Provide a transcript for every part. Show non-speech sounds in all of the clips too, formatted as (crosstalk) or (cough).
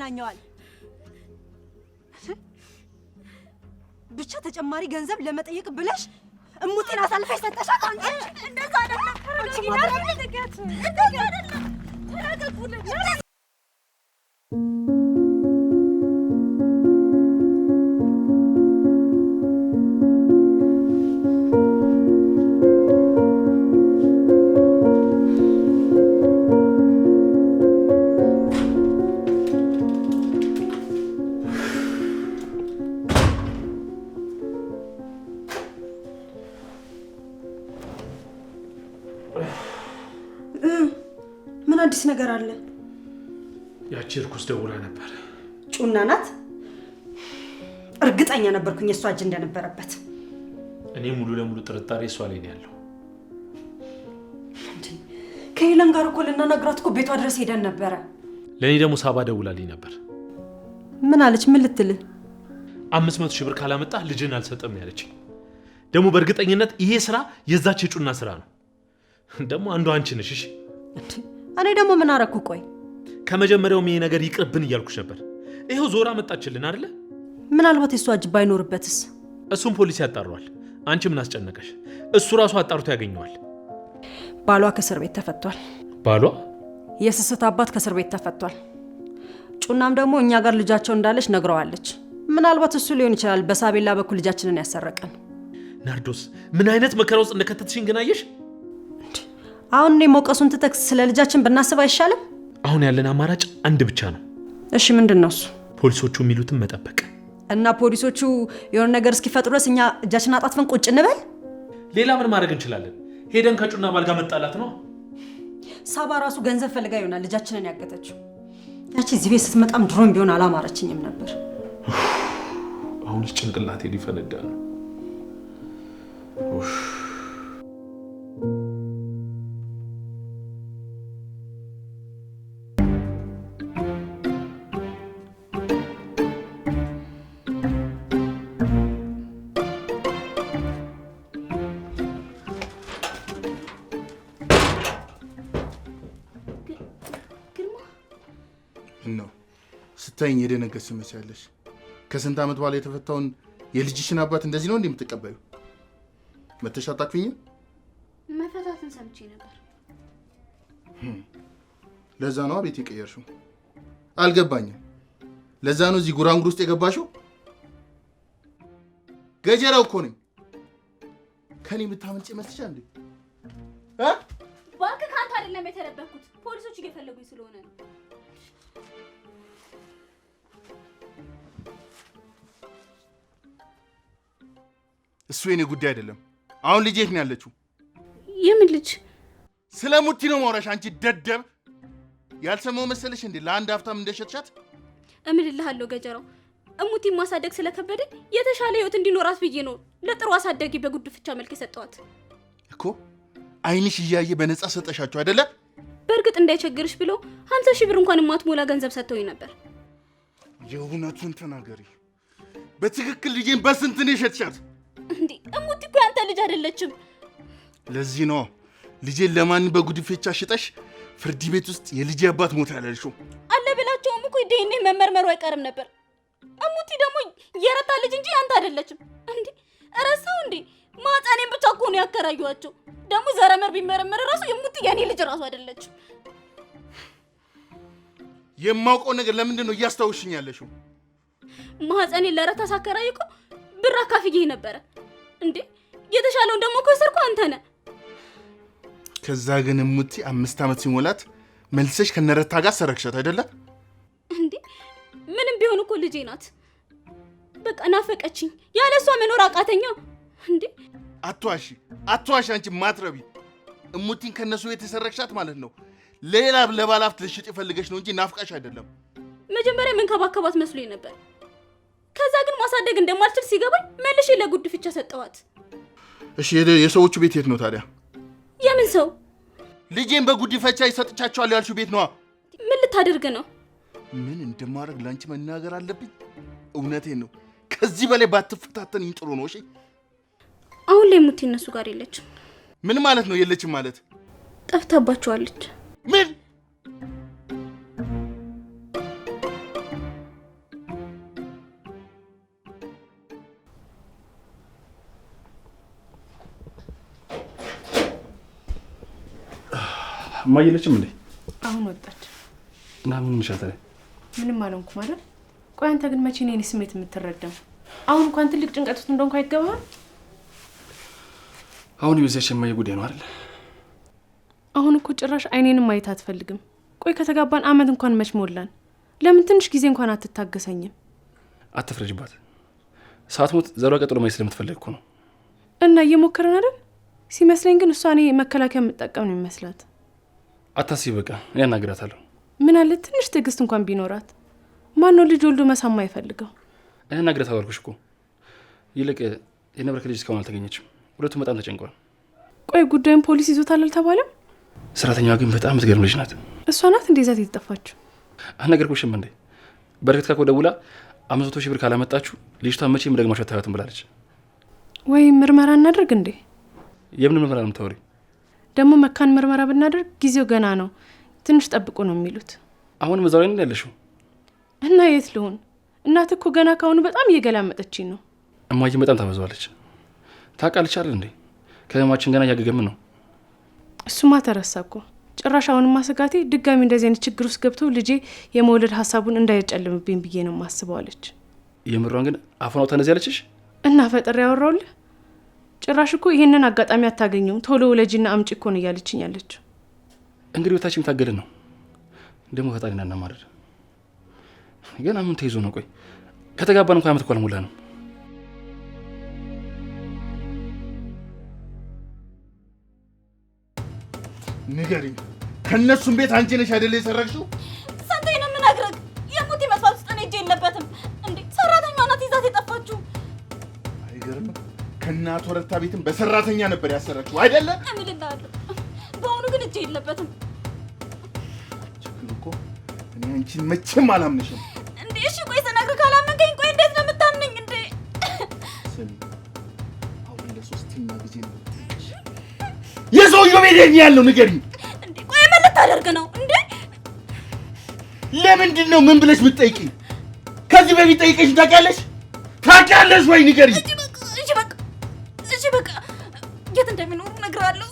ያገናኘዋል። ብቻ ተጨማሪ ገንዘብ ለመጠየቅ ብለሽ እሙቴን አሳልፈሽ ሰጠሻት። አንቺ እንደዛ አይደለም። ምን አዲስ ነገር አለ? ያቺ እርኩስ ደውላ ነበር። ጩና ናት። እርግጠኛ ነበርኩኝ የእሷ እጅ እንደነበረበት። እኔ ሙሉ ለሙሉ ጥርጣሬ እሷ ላይ ነው ያለው። ከሄለን ጋር እኮ ልናናግራት እኮ ቤቷ ድረስ ሄደን ነበረ። ለእኔ ደግሞ ሳባ ደውላልኝ ነበር። ምን አለች? ምን ልትል? አምስት መቶ ሺህ ብር ካላመጣ ልጅን አልሰጠም ያለች። ደግሞ በእርግጠኝነት ይሄ ስራ የዛች የጩና ስራ ነው። ደግሞ አንዱ አንቺ ነሽ። እሺ እኔ ደግሞ ምን አረኩ? ቆይ ከመጀመሪያውም ይሄ ነገር ይቅርብን እያልኩሽ ነበር። ይኸው ዞራ መጣችልን አይደለ? ምናልባት የእሱ እጅ ባይኖርበትስ? እሱም ፖሊስ ያጣሯል። አንቺ ምን አስጨነቀሽ? እሱ ራሱ አጣርቶ ያገኘዋል። ባሏ ከእስር ቤት ተፈቷል። ባሏ የስስት አባት ከእስር ቤት ተፈቷል። ጩናም ደግሞ እኛ ጋር ልጃቸው እንዳለች ነግረዋለች። ምናልባት እሱ ሊሆን ይችላል በሳቤላ በኩል ልጃችንን ያሰረቀን። ናርዶስ ምን አይነት መከራ ውስጥ እንደከተትሽን ግን አየሽ? አሁን እኔ ሞቀሱን ትተክ ስለ ልጃችን ብናስብ አይሻልም? አሁን ያለን አማራጭ አንድ ብቻ ነው። እሺ ምንድን ነው እሱ? ፖሊሶቹ የሚሉትን መጠበቅ እና ፖሊሶቹ የሆነ ነገር እስኪፈጥሩ ድረስ እኛ እጃችን አጣጥፈን ቁጭ እንበል። ሌላ ምን ማድረግ እንችላለን? ሄደን ከጩና ባልጋ መጣላት ነው። ሳባ ራሱ ገንዘብ ፈልጋ ይሆናል ልጃችንን ያገተችው። ያቺ እዚህ ቤት ስትመጣም ድሮም ቢሆን አላማረችኝም ነበር። አሁን ጭንቅላቴ ሊፈነዳ ነው። ተይኝ፣ የደነገጥ ትመስያለሽ። ከስንት ዓመት በኋላ የተፈታውን የልጅሽን አባት እንደዚህ ነው እንዴ የምትቀበዩ? መተሻ ታክፍኝ። መፈታትን ሰምቼ ነበር። ለዛ ነው ቤት የቀየርሽው። አልገባኝም። ለዛ ነው እዚህ ጉራንጉር ውስጥ የገባሽው። ገጀራው እኮ ነኝ። ከኔ የምታመልጭ ይመስልሻል እንዴ? እባክህ ከአንተ አይደለም የተደበኩት፣ ፖሊሶች እየፈለጉኝ ስለሆነ ነው። እሱ የኔ ጉዳይ አይደለም። አሁን ልጅ የት ነው ያለችው? የምን ልጅ? ስለ ሙቲ ነው ማውራሽ። አንቺ ደደብ ያልሰማው መሰለሽ እንዴ? ለአንድ ሀብታም እንደሸጥሻት እምልልሃለሁ ገጀራው። እሙቲን ማሳደግ ስለከበደ የተሻለ ህይወት እንዲኖራት ብዬ ነው ለጥሩ በጉድ በጉድፍቻ መልክ የሰጠዋት እኮ። አይንሽ እያየ በነፃ ሰጠሻቸው አይደለ? በእርግጥ እንዳይቸግርሽ ብለው ሀምሳ ሺህ ብር እንኳን የማትሞላ ገንዘብ ሰጥተውኝ ነበር። የእውነቱን ተናገሪ። በትክክል ልጄን በስንት ነው የሸጥሻት? እንዴ እሙት እኮ ያንተ ልጅ አይደለችም። ለዚህ ነው ልጄን ለማን በጉድፌቻ ሽጠሽ ፍርድ ቤት ውስጥ የልጄ አባት ሞት ያለልሽው። አለ ብላቸውም እኮ ዲኤንኤ መመርመሩ አይቀርም ነበር። እሙቲ ደግሞ የረታ ልጅ እንጂ ያንተ አይደለችም። እንዴ እረሳው እንዴ ማህፀኔን ብቻ እኮ ነው ያከራዩዋቸው። ደግሞ ዘረመር ቢመረመር ራሱ የሙቲ የኔ ልጅ ራሱ አይደለችም። የማውቀው ነገር ለምንድን ነው እያስታውሽኝ ያለሽው? ማህፀኔ ለረታ ሳከራይ እኮ ብር አካፍዬ ነበረ እንዴ የተሻለውን ደግሞ ከሰርኩ አንተ ነህ። ከዛ ግን ሙቲ አምስት ዓመት ሲሞላት መልሰሽ ከነረታ ጋር ሰረክሻት አይደለ እንዴ? ምንም ቢሆን እኮ ልጄ ናት። በቃ ናፈቀችኝ። ያለ እሷ መኖር አቃተኛ እንዴ? አትዋሺ፣ አትዋሺ አንቺ ማትረቢ። እሙቲን ከነሱ ቤት የሰረክሻት ማለት ነው። ሌላ ለባላፍት ልሽጥ የፈልገች ነው እንጂ ናፍቃሽ አይደለም። መጀመሪያ መንከባከባት መስሎኝ ነበር። ከዛ ግን ማሳደግ እንደማልችል ሲገባኝ መልሼ ለጉድ ፍቻ ሰጠዋት። እሺ የሰዎቹ ቤት የት ነው ታዲያ? የምን ሰው? ልጄን በጉድ ፈቻ ይሰጥቻቸዋል ያልሽው ቤት ነዋ። ምን ልታደርግ ነው? ምን እንደማድረግ ለአንቺ መናገር አለብኝ? እውነቴን ነው። ከዚህ በላይ ባትፈታተንኝ ጥሩ ነው። እሺ አሁን ላይ ሙት እነሱ ጋር የለችም። ምን ማለት ነው? የለችም ማለት ጠፍታባቸዋለች። ምን እማዬ የለችም እንዴ? አሁን ወጣች እና ምን እንሻታለን? ምንም አልሆንኩም አይደል? ቆይ አንተ ግን መቼ ነው የኔ ስሜት የምትረዳው? አሁን እንኳን ትልቅ ጭንቀት ውስጥ እንደሆንኩ አይገባም። አሁን የበዛች የማየ ጉዳይ ነው አይደል? አሁን እኮ ጭራሽ አይኔንም ማየት አትፈልግም። ቆይ ከተጋባን አመት እንኳን መች ሞላን። ለምን ትንሽ ጊዜ እንኳን አትታገሰኝም? አትፍረጅባት። ሰዓት ሞት ዘሯ ቀጥሎ ማየት ስለምትፈልግ እኮ ነው። እና እየሞከረን አይደል? ሲመስለኝ ግን እሷ እኔ መከላከያ የምጠቀም ነው ይመስላት አታስቢ፣ በቃ ያናግራታለሁ። ምን አለ ትንሽ ትዕግስት እንኳን ቢኖራት። ማን ነው ልጅ ወልዶ መሳማ አይፈልገው? ያናግራታለሁ አልኩሽ እኮ። ይልቅ የንብረት ልጅ እስካሁን አልተገኘችም። ሁለቱም በጣም ተጨንቀዋል። ቆይ ጉዳዩን ፖሊስ ይዞታል አልተባለም? ሰራተኛዋ ግን በጣም ትገርም ልጅ ናት። እሷ ናት እንዴ ዛት የተጠፋችው? አልነገርኩሽም እንዴ? በረከት ካኮ ደውላ አምስት መቶ ሺህ ብር ካላመጣችሁ ልጅቷ መቼም ደግማችሁ አታያትም ብላለች። ወይ ምርመራ እናደርግ እንዴ? የምን ምርመራ ነው የምታወሪው? ደግሞ መካን ምርመራ ብናደርግ ጊዜው ገና ነው፣ ትንሽ ጠብቁ ነው የሚሉት። አሁን እዛው ላይ ያለሽው እና የት ልሁን? እናት እኮ ገና ካሁኑ በጣም እየገላመጠችኝ ነው። እማዬም በጣም ታበዛዋለች። ታውቃለች አይደል እንዴ? ከተማችን ገና እያገገምን ነው። እሱማ ተረሳ እኮ ጭራሽ። አሁን ስጋቴ ድጋሚ እንደዚህ አይነት ችግር ውስጥ ገብቶ ልጄ የመውለድ ሀሳቡን እንዳይጨልምብኝ ብዬ ነው ማስበዋለች። የምሯን ግን አፏን ተነዚ ያለችሽ እና ፈጠር ያወራውልህ ጭራሽ እኮ ይሄንን አጋጣሚ አታገኘውም፣ ቶሎ ወለጂና አምጪ እኮ ነው እያለችኝ ያለች። እንግዲህ ወታችን የምታገደ ነው ደግሞ ፈጣሪና እናማረድ ገና ምን ተይዞ ነው? ቆይ ከተጋባን እንኳን አመት እኮ አልሞላ ነው። ንገሪኝ፣ ከእነሱም ቤት አንቺ ነሽ አይደለ የሰረቅሽው? እና አቶ ረታ ቤትን በሰራተኛ ነበር ያሰረችው አይደለ? እምልልሃለሁ። በአሁኑ ግን እጅ የለበትም። ችግር እኮ እኔ አንቺን መቼም አላምንሽም። እንዴ! እሺ፣ ቆይ ስነግርህ ካላመንከኝ፣ ቆይ እንዴት ነው የምታምነኝ? እንዴ! ስሚ፣ አሁን ለሶስተኛ ጊዜ ነው የሰውየው ቤት ያለው ንገሪኝ። እንዴ! ቆይ ምን ልታደርግ ነው እንዴ? ለምንድን ነው ምን ብለሽ የምትጠይቂኝ? ከዚህ በፊት ጠይቀሽ ታውቂያለሽ? ታውቂያለሽ ወይ ንገሪኝ የት እንደሚኖሩ እነግርሃለሁ።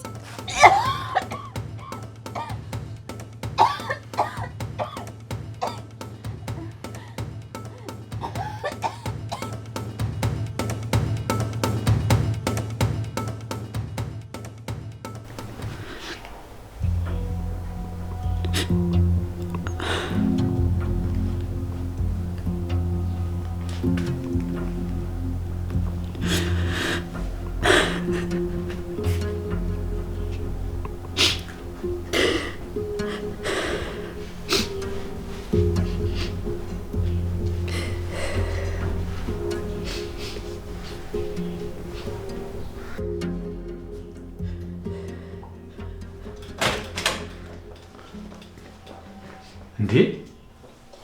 እንዴ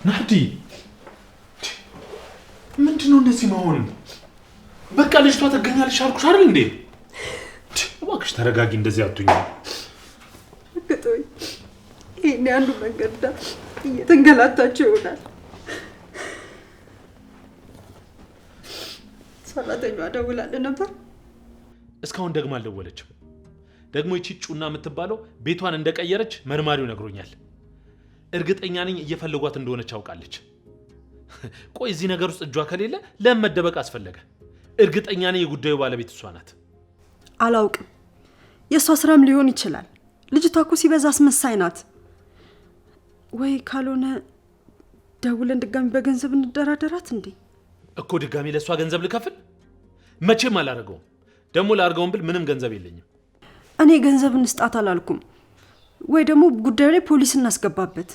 ናዲ፣ ምንድን ነው እንደዚህ መሆን? በቃ ልጅቷ ትገኛለች አልኩሽ አይደል እንዴ። እባክሽ ተረጋጊ፣ እንደዚህ አትሁኝ። እርግጦኝ ይሄኔ አንዱ መንገድ ዳ እየተንገላታቸው ይሆናል። ሰራተኛዋ ደውላል ነበር፣ እስካሁን ደግማ አልደወለችም። ደግሞ ይቺ ጩና የምትባለው ቤቷን እንደቀየረች መርማሪው ነግሮኛል። እርግጠኛ ነኝ እየፈለጓት እንደሆነች አውቃለች። (laughs) ቆይ እዚህ ነገር ውስጥ እጇ ከሌለ ለምን መደበቅ አስፈለገ? እርግጠኛ ነኝ የጉዳዩ ባለቤት እሷ ናት። አላውቅም፣ የእሷ ስራም ሊሆን ይችላል። ልጅቷ እኮ ሲበዛ አስመሳይ ናት። ወይ ካልሆነ ደውለን ድጋሚ በገንዘብ እንደራደራት። እንዴ እኮ ድጋሚ ለእሷ ገንዘብ ልከፍል? መቼም አላደርገውም። ደግሞ ላድርገውን ብል ምንም ገንዘብ የለኝም። እኔ ገንዘብ እንስጣት አላልኩም ወይ ደግሞ ጉዳዩ ላይ ፖሊስ እናስገባበት።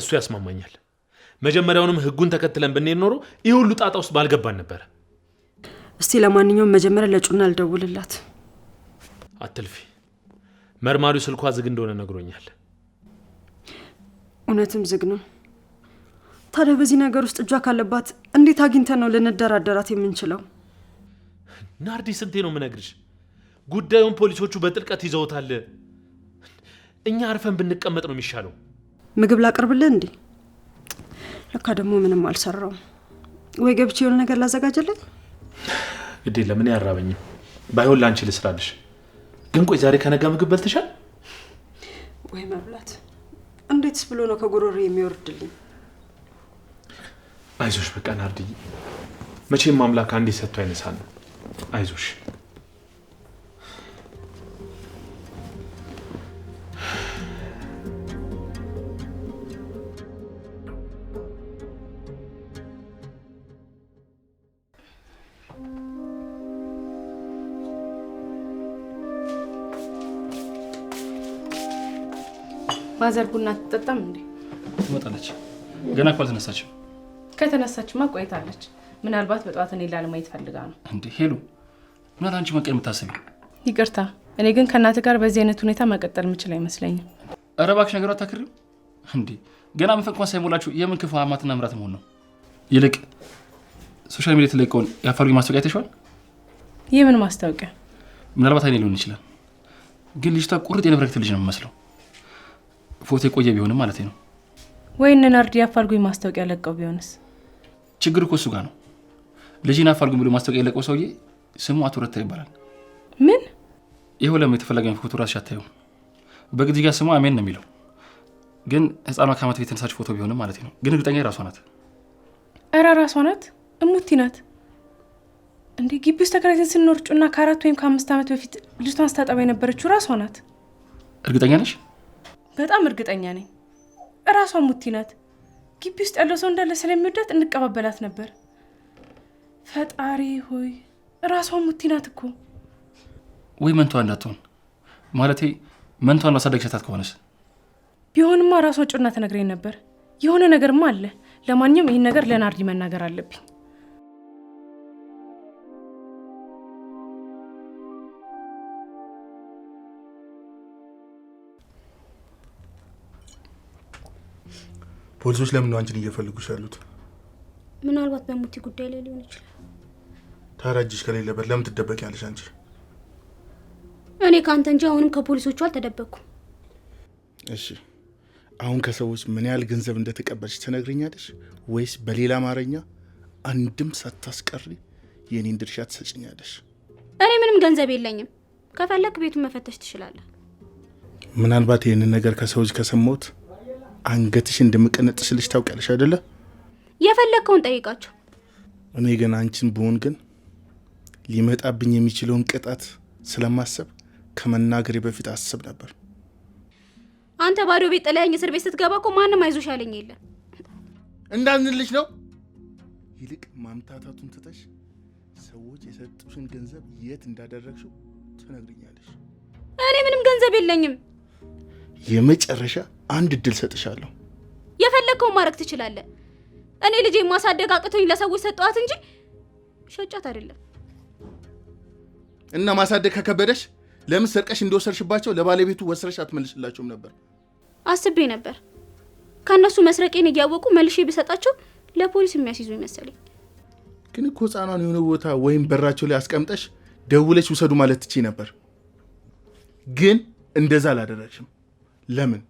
እሱ ያስማማኛል። መጀመሪያውንም ህጉን ተከትለን ብንሄድ ኖሮ ይህ ሁሉ ጣጣ ውስጥ ባልገባን ነበረ። እስቲ ለማንኛውም መጀመሪያ ለጩና አልደውልላት። አትልፊ። መርማሪው ስልኳ ዝግ እንደሆነ ነግሮኛል። እውነትም ዝግ ነው። ታዲያ በዚህ ነገር ውስጥ እጇ ካለባት እንዴት አግኝተን ነው ልንደራደራት የምንችለው? ናርዲ፣ ስንቴ ነው የምነግርሽ? ጉዳዩን ፖሊሶቹ በጥልቀት ይዘውታል። እኛ አርፈን ብንቀመጥ ነው የሚሻለው። ምግብ ላቅርብልህ? እንዴ ለካ ደግሞ ምንም አልሰራው። ወይ ገብቼ የሆነ ነገር ላዘጋጀልኝ። ግድ ለምን እኔ አራበኝም። ባይሆን ለአንቺ ልስራልሽ። ግን ቆይ ዛሬ ከነጋ ምግብ በልትሻል ወይ? መብላት እንዴትስ ብሎ ነው ከጉሮሮ የሚወርድልኝ? አይዞሽ በቃ ናርድዬ፣ መቼም አምላክ አንዴ ሰጥቶ አይነሳን። አይዞሽ ማዘር ቡና አትጠጣም እንዴ? ትመጣለች። ገና እኮ አልተነሳችም። ከተነሳችማ ቆይታለች። ምናልባት በጠዋት እኔ ላለማየት ፈልጋ ነው። እንዴ ሄሉ፣ ምናት አንቺ መቀን የምታስቢ? ይቅርታ፣ እኔ ግን ከእናት ጋር በዚህ አይነት ሁኔታ መቀጠል የምችል አይመስለኝም። ኧረ እባክሽ ነገር አታክሪም እንዴ። ገና መፈቅ ሳይሞላችሁ የምን ክፉ አማትና ምራት መሆን ነው? ይልቅ ሶሻል ሚዲያ የተለቀውን የአፋልጉኝ ማስታወቂያ አይተሽዋል? የምን ማስታወቂያ? ምናልባት አይኔ ሊሆን ይችላል፣ ግን ልጅቷ ቁርጥ የነበረክት ልጅ ነው የምመስለው። ፎቶ የቆየ ቢሆንም ማለት ነው ወይ እነን አርዲ አፋልጉኝ ማስታወቂያ ለቀው ቢሆንስ? ችግር እኮ እሱ ጋር ነው። ልጅን አፋልጉኝ ብሎ ማስታወቂያ የለቀው ሰውዬ ስሙ አቶ ረታ ይባላል። ምን ይኸው ለም የተፈለገኝ ፎቶ ራስሽ አታየውም? በግድ ጋር ስሙ አሜን ነው የሚለው ግን ህፃኗ ከአመት ቤት የተነሳች ፎቶ ቢሆንም ማለት ነው። ግን እርግጠኛ የራሷ ናት። እረ ራሷ ናት፣ እሙቲ ናት እንደ ግቢ ውስጥ ተከራይተን ስንኖር ጩና ከአራት ወይም ከአምስት ዓመት በፊት ልጅቷን ስታጠባ የነበረችው ራሷ ናት። እርግጠኛ ነሽ? በጣም እርግጠኛ ነኝ። እራሷ ሙቲ ናት። ግቢ ውስጥ ያለው ሰው እንዳለ ስለሚወዳት እንቀባበላት ነበር። ፈጣሪ ሆይ እራሷ ሙቲ ናት እኮ። ወይ መንቷ እንዳትሆን ማለቴ፣ መንቷን ላሳደግሸታት ከሆነስ? ቢሆንማ እራሷ ጮና ተነግረኝ ነበር። የሆነ ነገርማ አለ። ለማንኛውም ይህን ነገር ለናርዲ መናገር አለብኝ። ፖሊሶች ለምን ነው አንቺን እየፈልጉሽ ያሉት? ምናልባት በሙቲ ጉዳይ ላይ ሊሆን ይችላል። ታዲያ እጅሽ ከሌለበት ለምን ትደበቂያለሽ አንቺ? እኔ ከአንተ እንጂ አሁንም ከፖሊሶቹ አልተደበቅኩም። እሺ አሁን ከሰዎች ምን ያህል ገንዘብ እንደተቀበልሽ ትነግረኛለሽ ወይስ በሌላ አማርኛ አንድም ሳታስቀሪ የእኔን ድርሻ ትሰጭኛለሽ? እኔ ምንም ገንዘብ የለኝም። ከፈለክ ቤቱን መፈተሽ ትችላለህ። ምናልባት ይህንን ነገር ከሰዎች ከሰማሁት አንገትሽ እንደምቀነጥስልሽ ታውቂያለሽ አይደለ? የፈለግከውን ጠይቃቸው። እኔ ግን አንቺን ብሆን ግን ሊመጣብኝ የሚችለውን ቅጣት ስለማሰብ ከመናገሬ በፊት አስብ ነበር። አንተ ባዶ ቤት ጥለኸኝ እስር ቤት ስትገባ እኮ ማንም አይዞሽ ያለኝ የለም። እንዳንልሽ ነው። ይልቅ ማምታታቱን ትተሽ ሰዎች የሰጡሽን ገንዘብ የት እንዳደረግሽው ትነግርኛለሽ። እኔ ምንም ገንዘብ የለኝም። የመጨረሻ አንድ እድል ሰጥሻለሁ። የፈለግከውን ማድረግ ትችላለህ። እኔ ልጄ ማሳደግ አቅቶኝ ለሰዎች ሰጠዋት እንጂ ሸጫት አይደለም። እና ማሳደግ ከከበደሽ ለምን ሰርቀሽ እንደወሰድሽባቸው ለባለቤቱ ወስረሽ አትመልሽላቸውም ነበር? አስቤ ነበር። ከእነሱ መስረቄን እያወቁ መልሼ ብሰጣቸው ለፖሊስ የሚያስይዙ ይመስለኝ። ግን እኮ ህፃኗን የሆነ ቦታ ወይም በራቸው ላይ አስቀምጠሽ ደውለች ውሰዱ ማለት ትቼ ነበር። ግን እንደዛ አላደረግሽም። ለምን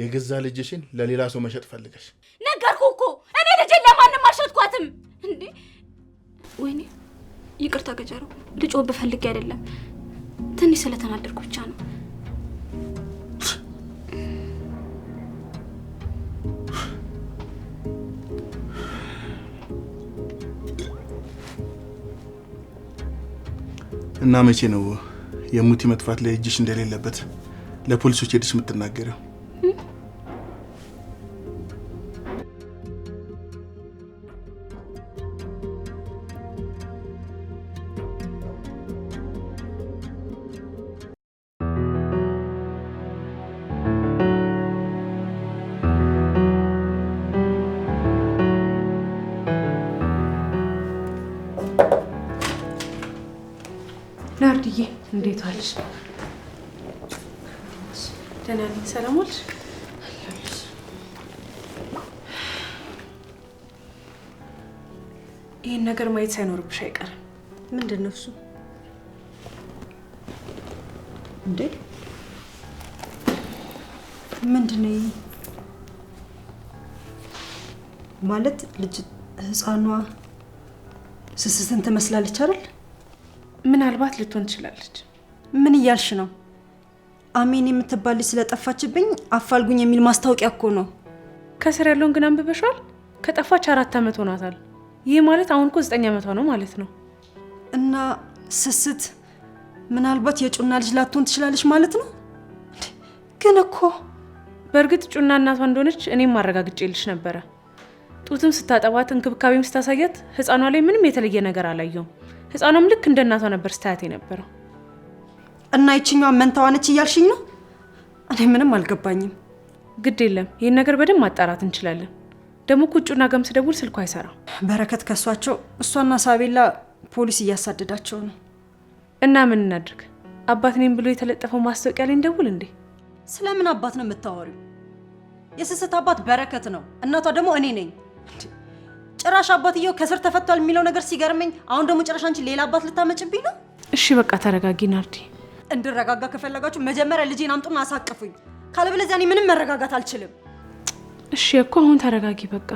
የገዛ ልጅሽን ለሌላ ሰው መሸጥ ፈልገሽ? ነገርኩ እኮ እኔ ልጅን ለማንም አልሸጥኳትም። እንዴ ወይኔ፣ ይቅርታ ገጀረው፣ ልጮ ብፈልጌ አይደለም፣ ትንሽ ስለተናደድኩ ብቻ ነው። እና መቼ ነው የሙቲ መጥፋት ላይ እጅሽ እንደሌለበት ለፖሊሶች ሄደሽ የምትናገረው? ደህና ነኝ። ሰላም ዋልሽ? ይህን ነገር ማየት ሳይኖርብሽ አይቀርም። ምንድን ነው እሱ? እንዴ ምንድን ነው ማለት ልጅ ህፃኗ ስስትን ትመስላለች አይደል? ምናልባት ልትሆን ትችላለች። ምን እያልሽ ነው? አሜን የምትባል ልጅ ስለጠፋችብኝ አፋልጉኝ የሚል ማስታወቂያ እኮ ነው። ከስር ያለውን ግን አንብበሻል? ከጠፋች አራት ዓመት ሆናታል። ይህ ማለት አሁን እኮ ዘጠኝ ዓመቷ ነው ማለት ነው። እና ስስት ምናልባት የጩና ልጅ ላትሆን ትችላለች ማለት ነው። ግን እኮ በእርግጥ ጩና እናቷ እንደሆነች እኔም ማረጋግጬልሽ ነበረ። ጡትም ስታጠባት እንክብካቤም ስታሳያት ህፃኗ ላይ ምንም የተለየ ነገር አላየውም። ህፃኗም ልክ እንደ እናቷ ነበር ስታያት የነበረው። እና ይችኛዋን መንታዋ ነች እያልሽኝ ነው? እኔ ምንም አልገባኝም። ግድ የለም ይህን ነገር በደንብ ማጣራት እንችላለን። ደግሞ ቁጩና ገምስ ደውል፣ ስልኩ አይሰራም። በረከት ከሷቸው እሷና ሳቤላ ፖሊስ እያሳደዳቸው ነው። እና ምን እናድርግ? አባት እኔም ብሎ የተለጠፈው ማስታወቂያ ላይ እንደውል እንዴ? ስለምን አባት ነው የምታወሪው? የስስት አባት በረከት ነው፣ እናቷ ደግሞ እኔ ነኝ። ጭራሽ አባትየው ከስር ተፈቷል የሚለው ነገር ሲገርመኝ፣ አሁን ደግሞ ጭራሽ አንቺ ሌላ አባት ልታመጭብኝ ነው? እሺ በቃ ተረጋጊ ናርዲ። እንድረጋጋ ከፈለጋችሁ መጀመሪያ ልጄን አምጡና አሳቅፉኝ። ካለበለዚያ እኔ ምንም መረጋጋት አልችልም። እሺ እኮ አሁን ተረጋጊ በቃ።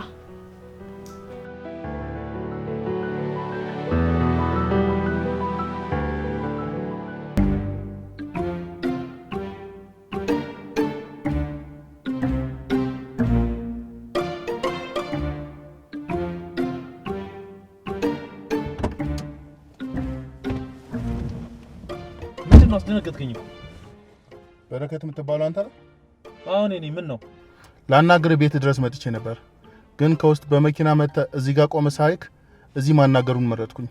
አስደነገጥከኝ። በረከት የምትባለው አንተ ነው? አሁን እኔ ምን ነው ላናገር ቤት ድረስ መጥቼ ነበር፣ ግን ከውስጥ በመኪና መጥተ እዚህ ጋር ቆመ ሳይክ እዚህ ማናገሩን መረጥኩኝ።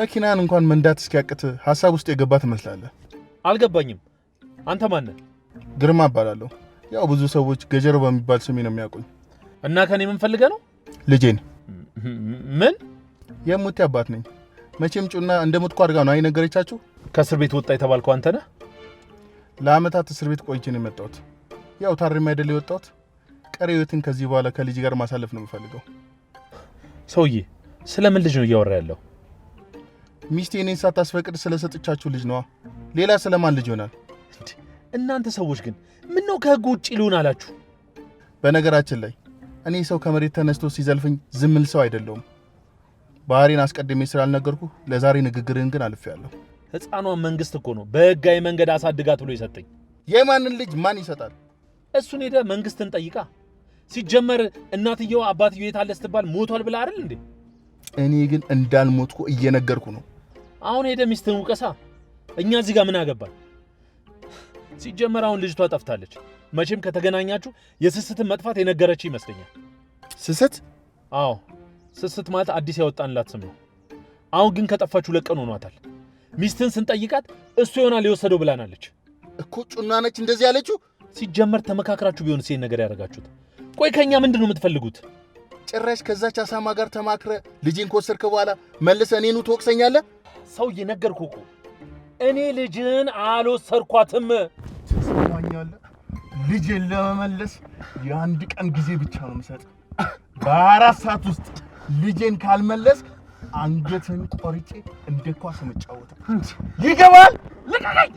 መኪናን እንኳን መንዳት እስኪያቅት ሀሳብ ውስጥ የገባ ትመስላለህ። አልገባኝም። አንተ ነህ? ግርማ እባላለሁ። ያው ብዙ ሰዎች ገጀሮ በሚባል ስሜ ነው የሚያውቁኝ። እና ከኔ ምን ፈልገህ ነው? ልጄን። ምን? የሙቴ አባት ነኝ። መቼም ጩና እንደ ሙትኩ አድርጋ ነው አይ ነገረቻችሁ ከእስር ቤት ወጣ የተባልከው አንተ ነህ? ለአመታት እስር ቤት ቆይቼ ነው የመጣሁት። ያው ታሪ አይደል የወጣሁት። ቀሪ ህይወትን ከዚህ በኋላ ከልጅ ጋር ማሳለፍ ነው የምፈልገው። ሰውዬ ስለምን ልጅ ነው እያወራ ያለው? ሚስቴ እኔን ሳታስፈቅድ ስለሰጥቻችሁ ልጅ ነዋ። ሌላ ስለማን ልጅ ይሆናል? እናንተ ሰዎች ግን ምን ነው ከህግ ውጭ ሊሆን አላችሁ? በነገራችን ላይ እኔ ሰው ከመሬት ተነስቶ ሲዘልፍኝ ዝምል ሰው አይደለሁም። ባህሪን አስቀድሜ ስላልነገርኩ ለዛሬ ንግግርን ግን አልፌያለሁ። ህፃኗን መንግስት እኮ ነው በህጋዊ መንገድ አሳድጋት ብሎ የሰጠኝ። የማንን ልጅ ማን ይሰጣል? እሱን ሄደ መንግስትን ጠይቃ። ሲጀመር እናትየው አባትየው የት አለ ስትባል ሞቷል ብላ አይደል እንዴ? እኔ ግን እንዳልሞትኩ እየነገርኩ ነው። አሁን ሄደ ሚስትን ውቀሳ። እኛ እዚህ ጋር ምን አገባል? ሲጀመር አሁን ልጅቷ ጠፍታለች። መቼም ከተገናኛችሁ የስስትን መጥፋት የነገረች ይመስለኛል። ስስት? አዎ ስስት ማለት አዲስ ያወጣንላት ስም ነው። አሁን ግን ከጠፋችሁ ለቀን ሆኗታል። ሚስትን ስንጠይቃት እሱ ይሆናል የወሰደው ብላናለች እኮ። ጩና ነች እንደዚህ ያለችው። ሲጀመር ተመካክራችሁ ቢሆን ሴን ነገር ያደረጋችሁት። ቆይ ከእኛ ምንድን ነው የምትፈልጉት? ጭራሽ ከዛች አሳማ ጋር ተማክረ ልጅን ከወሰድክ በኋላ መልሰ እኔኑ ትወቅሰኛለ። ሰው ነገርኩህ እኮ እኔ ልጅን አልወሰድኳትም። ትሰማኛለህ? ልጅን ለመመለስ የአንድ ቀን ጊዜ ብቻ ነው የምሰጥ። በአራት ሰዓት ውስጥ ልጅን ካልመለስክ አንገትን ቆርጬ እንደ ኳስ መጫወት ይገባል። ልቀቀኝ!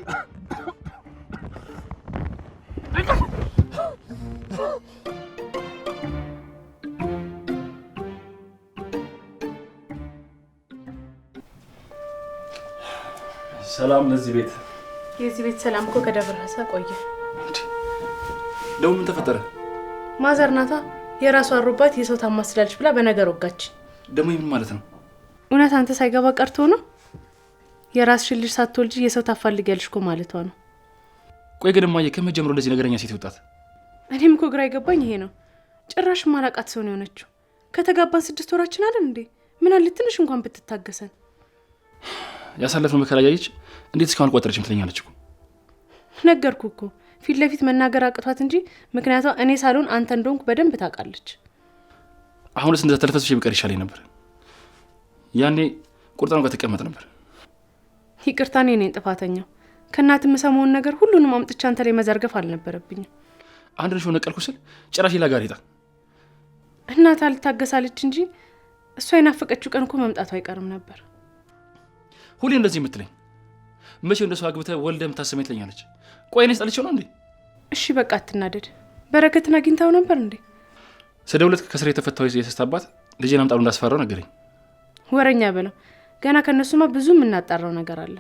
ሰላም ለዚህ ቤት የዚህ ቤት ሰላም እኮ ከደብረ ሀሳ ቆየ። ደግሞ ምን ተፈጠረ? ማዘር ናታ የራሷ አሮባት የሰው ታማስላለች ብላ በነገር ወጋች። ደግሞ ይምን ማለት ነው? እውነት አንተ ሳይገባ ቀርቶ ነው? የራስሽን ልጅ ሳትወልጂ የሰው ታፋልጊያለሽ እኮ ማለቷ ነው። ቆይ ግን እማዬ ከመጀመሩ እንደዚህ ነገረኛ ሴት ወጣት። እኔም እኮ ግራ የገባኝ ይሄ ነው። ጭራሽ ማላቃት ሰው ነው የሆነችው። ከተጋባን ስድስት ወራችን አለን እንዴ? ምን አለ ትንሽ እንኳን ብትታገሰን። ያሳለፍነው መከራ ያየች እንዴት እስካሁን አልቆጠረችም ትለኛለች እኮ። ነገርኩ እኮ ፊት ለፊት መናገር አቅቷት እንጂ ምክንያቷ እኔ ሳልሆን አንተ እንደሆንኩ በደንብ ታውቃለች። አሁንስ እንደዛ ተልፈስሽ ቢቀር ይሻለኝ ነበር። ያኔ ቁርጠን ጋር ተቀመጥ ነበር። ይቅርታ እኔ ነኝ ጥፋተኛው። ከእናት የምሰማውን ነገር ሁሉንም አምጥቻ አንተ ላይ መዘርገፍ አልነበረብኝም። አንድ ልሾ ነቀልኩ ስል ጭራሽ ሌላ ጋር ይጣል እናት አልታገሳለች እንጂ እሷ የናፈቀችው ቀን እኮ መምጣቱ አይቀርም ነበር። ሁሌ እንደዚህ የምትለኝ መቼ እንደሱ አግብተ ወልደ የምታሰመኝ ትለኛለች። ቆይ እኔ ስጠልቼው ነው እንዴ? እሺ በቃ አትናደድ። በረከትን አግኝታው ነበር እንዴ? ስደውለት ከስራ የተፈታው የሰስት አባት ልጄን አምጣሉ እንዳስፈራው ነገረኝ። ወረኛ በለው። ገና ከእነሱማ ብዙ የምናጣራው ነገር አለ።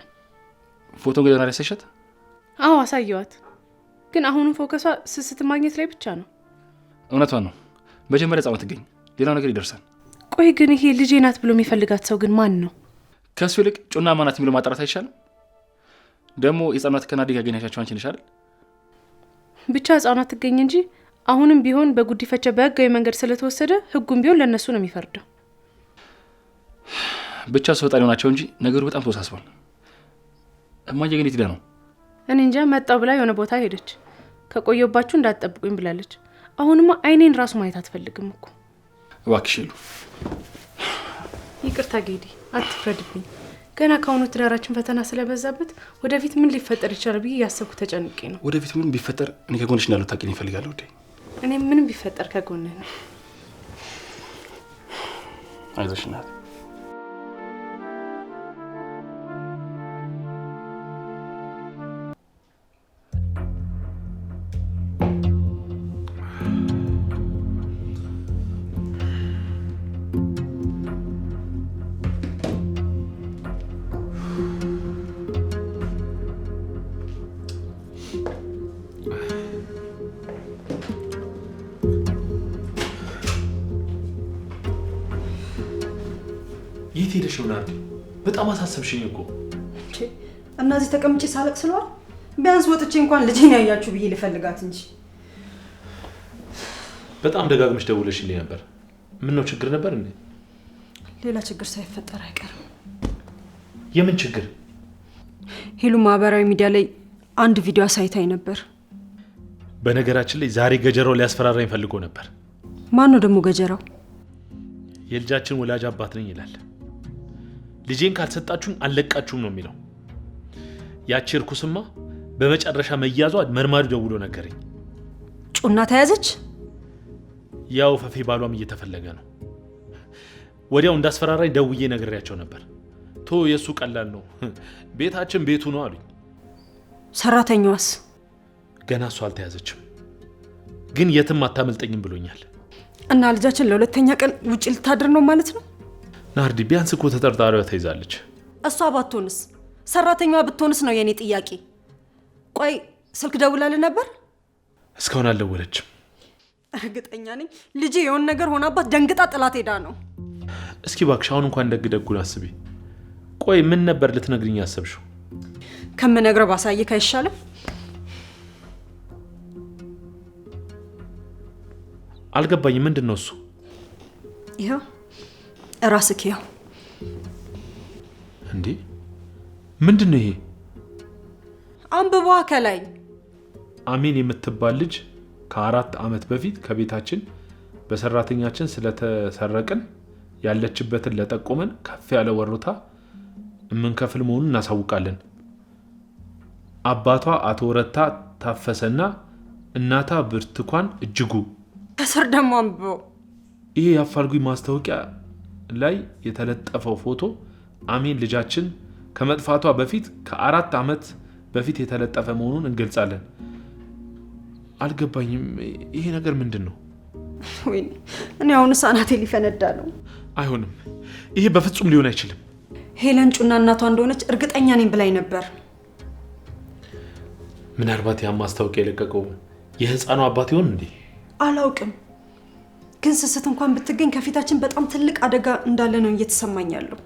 ፎቶ ገና ያሳይሻት? አዎ አሳየዋት። ግን አሁንም ፎከሷ ስስት ማግኘት ላይ ብቻ ነው። እውነቷን ነው። መጀመሪያ ህጻናት ትገኝ፣ ሌላው ነገር ይደርሳል። ቆይ ግን ይሄ ልጄ ናት ብሎ የሚፈልጋት ሰው ግን ማን ነው? ከእሱ ይልቅ ጩና ማናት የሚለው ማጣራት አይቻልም? ደግሞ የህጻናት ከናዴ ያገኛቻቸው አንቺ ነሽ አይደል? ብቻ ህጻናት ትገኝ እንጂ አሁንም ቢሆን በጉዲፈቻ በህጋዊ መንገድ ስለተወሰደ ህጉም ቢሆን ለእነሱ ነው የሚፈርደው። ብቻ ሰው ፈጣሪ ናቸው እንጂ ነገሩ በጣም ተወሳስቧል። እማዬ ግን የት ሄዳ ነው? እኔ እንጃ። መጣው ብላ የሆነ ቦታ ሄደች። ከቆየባችሁ እንዳትጠብቁኝ ብላለች። አሁንማ አይኔን ራሱ ማየት አትፈልግም እኮ። እባክሽ ሉ ይቅርታ ጌዲ፣ አትፍረድብኝ። ገና ከአሁኑ ትዳራችን ፈተና ስለበዛበት ወደፊት ምን ሊፈጠር ይችላል ብዬ እያሰብኩ ተጨንቄ ነው። ወደፊት ምን ቢፈጠር እኔ ከጎንሽ እንዳለው ታውቂኝ እፈልጋለሁ እኔም ምንም ቢፈጠር ከጎንህ ነው። አይዞሽ እናት አሰብሽኝ እኮ እና እዚህ ተቀምጬ ሳለቅ ስለዋል። ቢያንስ ወጥቼ እንኳን ልጄን ያያችሁ ብዬ ልፈልጋት እንጂ። በጣም ደጋግመሽ ደውለሽልኝ ነበር። ምን ነው ችግር ነበር እንዴ? ሌላ ችግር ሳይፈጠር አይቀርም። የምን ችግር? ሄሉ ማህበራዊ ሚዲያ ላይ አንድ ቪዲዮ አሳይታኝ ነበር። በነገራችን ላይ ዛሬ ገጀራው ሊያስፈራራኝ ፈልጎ ነበር። ማን ነው ደግሞ ገጀራው? የልጃችን ወላጅ አባት ነኝ ይላል። ልጄን ካልሰጣችሁኝ አልለቃችሁም ነው የሚለው። ያቺ እርኩስማ በመጨረሻ መያዟ መርማሪ ደውሎ ነገረኝ። ጩና ተያዘች። ያው ፈፌ ባሏም እየተፈለገ ነው። ወዲያው እንዳስፈራራኝ ደውዬ ነግሬያቸው ነበር። ቶ የእሱ ቀላል ነው፣ ቤታችን ቤቱ ነው አሉኝ። ሰራተኛዋስ? ገና እሷ አልተያዘችም፣ ግን የትም አታመልጠኝም ብሎኛል። እና ልጃችን ለሁለተኛ ቀን ውጭ ልታድር ነው ማለት ነው? ናርዲ ቢያንስ እኮ ተጠርጣሪዋ ተይዛለች። እሷ ባትሆንስ? ሰራተኛዋ ብትሆንስ ነው የእኔ ጥያቄ። ቆይ ስልክ ደውላል ነበር? እስካሁን አልደወለችም። እርግጠኛ ነኝ ልጄ የሆነ ነገር ሆናባት ደንግጣ ጥላት ሄዳ ነው። እስኪ እባክሽ አሁን እንኳን ደግ ደጉን አስቢ። ቆይ ምን ነበር ልትነግርኝ ያሰብሽው? ከምነግረው ባሳይህ አይሻልም? አልገባኝም። ምንድን ነው እሱ? ይኸው ራስክ ያው እንዴ ምንድን ነው ይሄ? አንብቧ ከላይ አሜን የምትባል ልጅ ከአራት ዓመት በፊት ከቤታችን በሰራተኛችን ስለተሰረቅን ያለችበትን ለጠቆመን ከፍ ያለ ወሮታ የምንከፍል መሆኑን እናሳውቃለን። አባቷ አቶ ረታ ታፈሰና እናታ ብርቱካን እጅጉ ከስር ደግሞ አንብበው ይሄ የአፋልጉኝ ማስታወቂያ ላይ የተለጠፈው ፎቶ አሜን ልጃችን ከመጥፋቷ በፊት ከአራት ዓመት በፊት የተለጠፈ መሆኑን እንገልጻለን። አልገባኝም። ይሄ ነገር ምንድን ነው? እኔ አሁን ሳናቴ ሊፈነዳ ነው። አይሆንም፣ ይሄ በፍጹም ሊሆን አይችልም። ሄለን ጩና እናቷ እንደሆነች እርግጠኛ ነኝ ብላኝ ነበር። ምናልባት ያ ማስታወቂያ የለቀቀው የህፃኗ አባት ይሆን እንዴ? አላውቅም። ግን ስስት እንኳን ብትገኝ ከፊታችን በጣም ትልቅ አደጋ እንዳለ ነው እየተሰማኝ ያለው።